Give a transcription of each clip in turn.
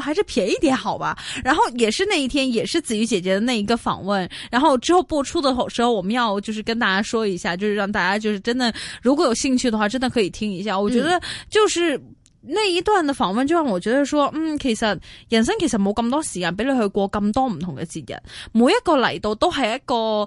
還是便宜點好吧。然後也是那一天，也是子瑜姐姐的那一個訪問。然後之後播出的時候，我們要就是跟大家說一下，就是讓大家就是真的如果有興趣的話，真的可以聽一下。我覺得就是、嗯、那一段的訪問，就讓我覺得說，嗯，其實人生其實冇咁多時間俾你去過咁多唔同嘅節日，每一個嚟到都係一個。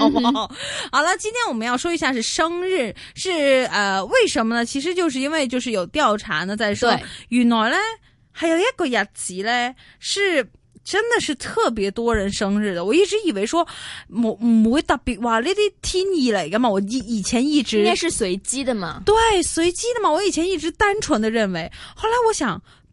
好了，今天我們要說一下是生日，是呃，為什麼呢？其實就是因為就是有調查呢，在說，原來呢，還有一個日子呢，是真的是特別多人生日的。我一直以為說，我唔會特別哇呢啲天意嚟噶嘛。我以以前一直，應該是隨機的嘛。對，隨機的嘛。我以前一直單純的認為，後來我想。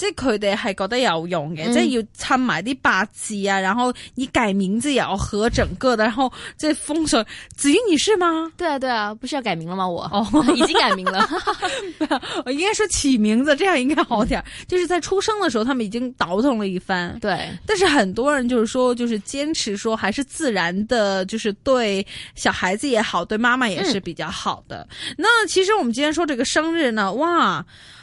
即佢哋係覺得有用嘅，即係要襯埋啲八字啊，嗯、然後你改名字也要合整個的，然後即係風水。子瑜，你是嗎？對啊，對啊，不是要改名了嗎？我哦，已經改名了 啊，我應該說起名字，這樣應該好點。嗯、就是在出生的時候，他們已經倒騰了一番。對，但是很多人就是說，就是堅持說，還是自然的，就是對小孩子也好，對媽媽也是比較好的。嗯、那其實我們今天說這個生日呢，哇！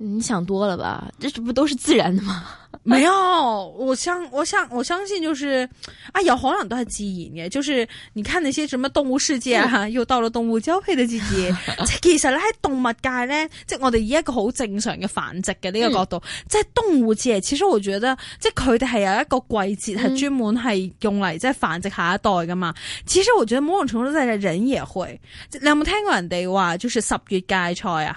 你想多了吧？這不都是自然的嗎？ 沒有，我相我相我相信就是啊，有可能都係自然嘅就是，你看那些什麼動物世界吓、啊，嗯、又到了動物交配的季節。 其實咧喺動物界咧，即、就、係、是、我哋以一個好正常嘅繁殖嘅呢個角度，即係、嗯、動物界其實我覺得，即係佢哋係有一個季節係專門係用嚟即係繁殖下一代噶嘛。嗯、其實我覺得某種程度就係人也會。你有冇聽過人哋話，就是十月芥菜啊？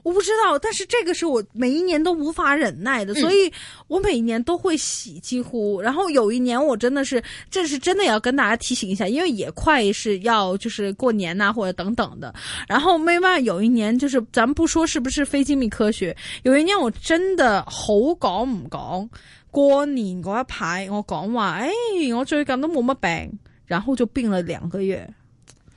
我不知道，但是這個是我每一年都無法忍耐的，嗯、所以我每一年都會洗幾乎。然後有一年我真的是，這是真的要跟大家提醒一下，因為也快是要就是過年呐、啊、或者等等的。然後另外有一年就是咱不說是不是非精密科學，有一年我真的好講唔講，過年嗰一排我講話，哎，我最近都冇乜病，然後就病了兩個月。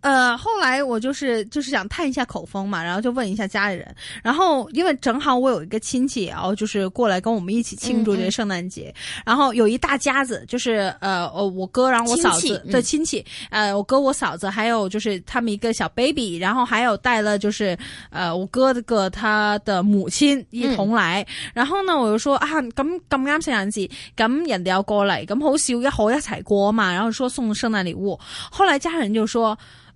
呃，後來我就是就是想探一下口風嘛，然後就問一下家裏人。然後因為正好我有一個親戚然後、哦、就是過來跟我們一起慶祝這個聖誕節，嗯嗯然後有一大家子，就是呃我哥然後我嫂子的親戚，親戚嗯、呃，我哥我嫂子還有就是他們一個小 baby，然後還有帶了就是呃我哥哥他的母親一同來。嗯、然後呢，我就說啊，咁咁啱聖誕節，咁人哋要過嚟，咁好似一可一齊過嘛。然後說送聖誕禮物，後來家人就說。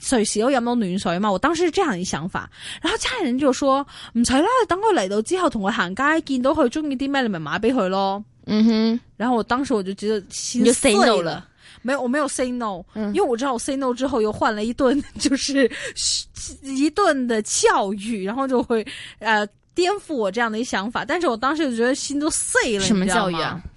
隨時都飲到暖水嘛，我當時是這樣嘅想法，然後家人就說唔使啦，等佢嚟到之後同佢行街，見到佢中意啲咩，你咪買俾佢咯。嗯哼，然後我當時我就覺得心你就 say no 了，碎了，沒有我沒有 say no，因為我知道我 say no 之後又換了一頓，就是一頓的教育，然後就會呃，呃顛覆我這樣的一想法，但是我當時就覺得心都碎了，你知道嗎？什麼教育啊？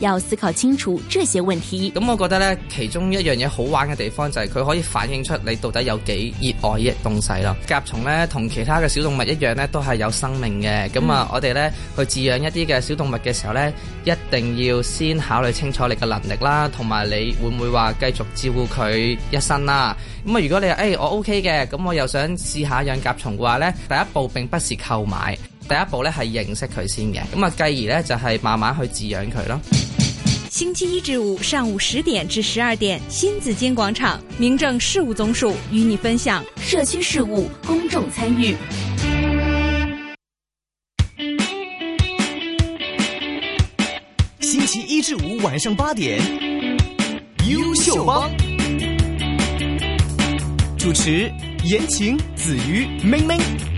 要思考清楚這些問題。咁我覺得咧，其中一樣嘢好玩嘅地方就係佢可以反映出你到底有幾熱愛呢樣東西囉。甲蟲咧同其他嘅小動物一樣咧，都係有生命嘅。咁啊，嗯、我哋咧去飼養一啲嘅小動物嘅時候咧，一定要先考慮清楚你嘅能力啦，同埋你會唔會話繼續照顧佢一生啦。咁啊，如果你話誒、哎、我 OK 嘅，咁我又想試下養甲蟲嘅話咧，第一步並不是購買。第一步咧，係認識佢先嘅。咁啊，繼而咧就係慢慢去飼養佢咯。星期一至五上午十點至十二點，新紫荊廣場民政事務總署與你分享社區事務，公眾參與。星期一至五晚上八點，優秀幫主持言情子瑜明明。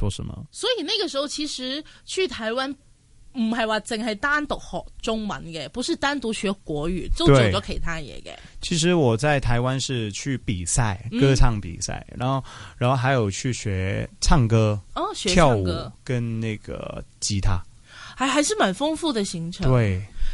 說什麼？所以那個時候其實去台灣，唔係話淨係單獨學中文嘅，不是單獨學國語，都做咗其他嘢嘅。其實我在台灣是去比賽，歌唱比賽，嗯、然後，然後還有去學唱歌，哦，學唱歌跳舞，跟那個吉他，還還是蠻豐富的行程。對。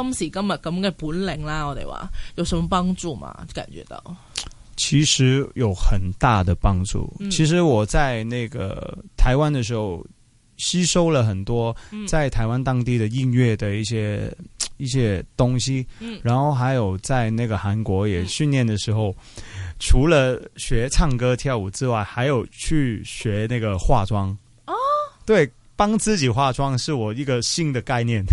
今時今日咁嘅本領啦，我哋話有什麼幫助嘛？感覺到其實有很大的幫助。嗯、其實我在那個台灣的時候，吸收了很多在台灣當地的音樂的一些、嗯、一些東西。然後還有在那個韓國也訓練的時候，嗯、除了學唱歌跳舞之外，還有去學那個化妝。哦、對，幫自己化妝是我一個新的概念。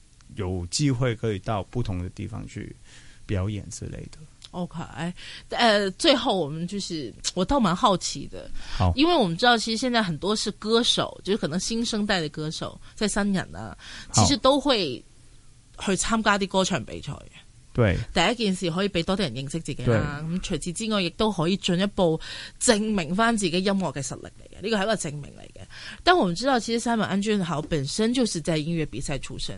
有機會可以到不同的地方去表演之類的。OK，呃，最後我們就是我倒蠻好奇的，oh. 因為我們知道其實現在很多是歌手，就是可能新生代的歌手在新人啊，其實都會、oh. 去參加啲歌唱比賽。對，第一件事可以俾多啲人認識自己啦、啊。咁除此之外，亦都可以進一步證明翻自己音樂嘅實力嚟嘅。呢、這個係一個證明嚟嘅。但我們知道，其實三文安俊好本身就是在音樂比賽出身。